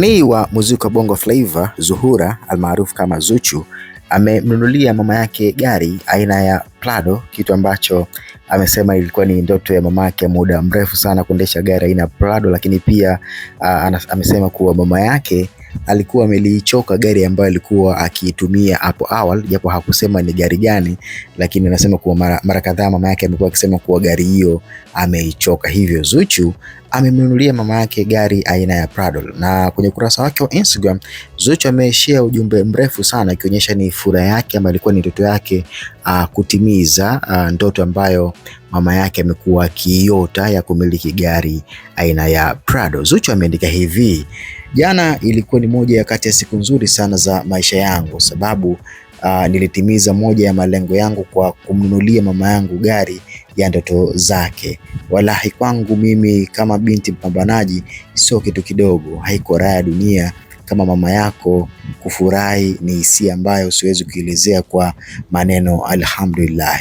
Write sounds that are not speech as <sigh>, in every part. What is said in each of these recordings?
Msanii wa muziki wa Bongo Flava Zuhura almaarufu kama Zuchu amemnunulia mama yake gari aina ya Prado, kitu ambacho amesema ilikuwa ni ndoto ya mama yake muda mrefu sana kuendesha gari aina ya Prado, lakini pia uh, amesema kuwa mama yake alikuwa ameliichoka gari ambayo alikuwa akiitumia hapo awali, japo hakusema ni gari gani, lakini anasema kuwa mara, mara kadhaa mama yake amekuwa akisema kuwa gari hiyo ameichoka. Hivyo Zuchu amemnunulia mama yake gari aina ya Prado, na kwenye ukurasa wake wa Instagram Zuchu ameshare ujumbe mrefu sana akionyesha ni furaha yake ambayo ilikuwa ni ndoto yake, uh, kutimiza uh, ndoto ambayo mama yake amekuwa kiota ya kumiliki gari aina ya Prado. Zuchu ameandika hivi: jana ilikuwa ni moja ya kati ya siku nzuri sana za maisha yangu, sababu uh, nilitimiza moja ya malengo yangu kwa kumnunulia mama yangu gari ya ndoto zake. Walahi, kwangu mimi kama binti mpambanaji sio kitu kidogo, haiko raha ya dunia kama mama yako kufurahi ni hisia ambayo siwezi kuelezea kwa maneno. Alhamdulillah,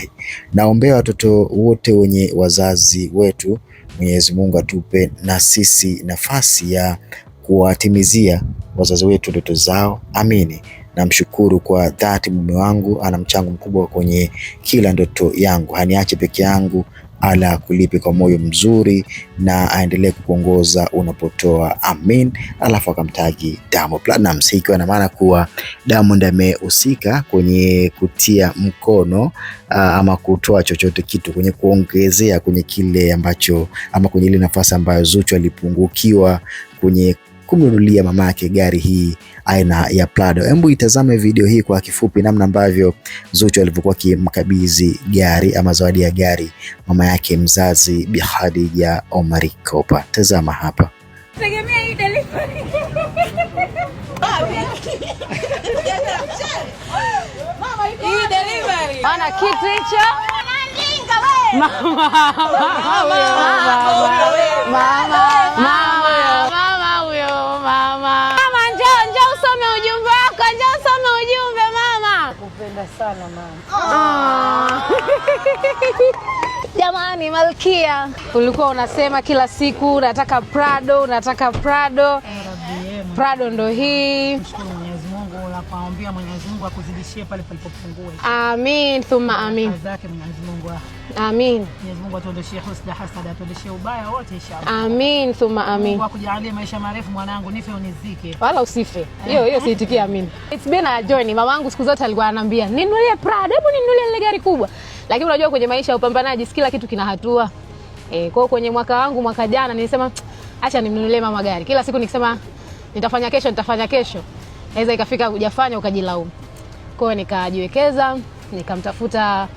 naombea watoto wote wenye wazazi wetu, Mwenyezi Mungu atupe na sisi nafasi ya kuwatimizia wazazi wetu ndoto zao, amini. Namshukuru kwa dhati mume wangu, ana mchango mkubwa kwenye kila ndoto yangu, haniache peke yangu ala kulipi kwa moyo mzuri na aendelee kukuongoza unapotoa amin. Alafu akamtagi Diamond Platnumz, ikiwa na maana kuwa Diamond amehusika kwenye kutia mkono uh, ama kutoa chochote kitu kwenye kuongezea kwenye kile ambacho ama kwenye ile nafasi ambayo Zuchu alipungukiwa kwenye kumnunulia mama yake gari hii aina ya Prado. Hebu itazame video hii kwa kifupi, namna ambavyo Zuchu alivyokuwa akimkabidhi gari ama zawadi ya gari mama yake mzazi Bi Khadija Omari Kopa. Tazama hapa. mama, mama, mama, mama, mama. Nakupenda sana mama. Ah. <laughs> Jamani Malkia, ulikuwa unasema kila siku unataka Prado, unataka Prado. Prado ndo hii langu la kuwaombea Mwenyezi Mungu akuzidishie pale palipopungua. Amin thumma amin. zake Mwenyezi Mungu. Amin. Mwenyezi Mungu atuondoshie husda hasada, atuondoshie ubaya wote inshallah. Amin thumma amin. Mungu akujalie maisha marefu mwanangu, nife unizike. Wala usife. Hiyo hiyo siitikia amin. It's been a journey. Mamangu siku zote alikuwa ananiambia, "Ninunulie Prada, hebu ninunulie ile gari kubwa." Lakini unajua kwenye maisha ya upambanaji kila kitu kina hatua. Eh, kwa kwenye mwaka wangu mwaka jana nilisema acha nimnunulie mama gari. Kila siku nikisema nitafanya kesho, nitafanya kesho naweza ikafika hujafanya ukajilaumu. Kwa hiyo nikajiwekeza, nikamtafuta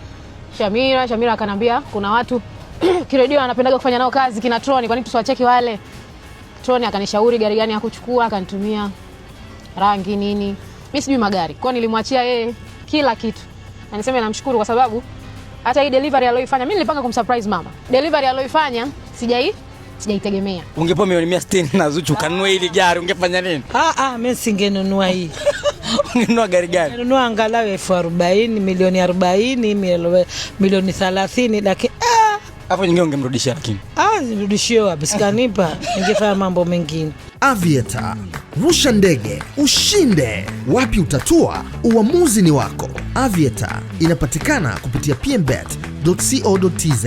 Shamira. Shamira akanambia kuna watu <clears throat> kiredio anapendaga kufanya nao kazi kina Troni, kwani tusiwacheki wale. Troni akanishauri gari gani ya kuchukua, akanitumia rangi nini, mi sijui magari, kwa nilimwachia yeye kila kitu, na niseme namshukuru kwa sababu hata hii delivery aliyoifanya, mi nilipanga kumsurprise mama. Delivery aliyoifanya sijai sijaitegemea. Ungepewa milioni mia 160 na Zuchu ukanunua hili gari ungefanya nini? Ah ah, mimi singenunua hii. <laughs> Ungenunua gari gani? Nunua angalau elfu arobaini, milioni arobaini, milioni thalathini lakini ah! hapo nyingine ungemrudishia lakini. Ah, nirudishie wapi? Sikanipa, ningefanya mambo mengine. Avieta. rusha ndege, ushinde. Wapi utatua? Uamuzi ni wako. Avieta inapatikana kupitia pmbet.co.tz.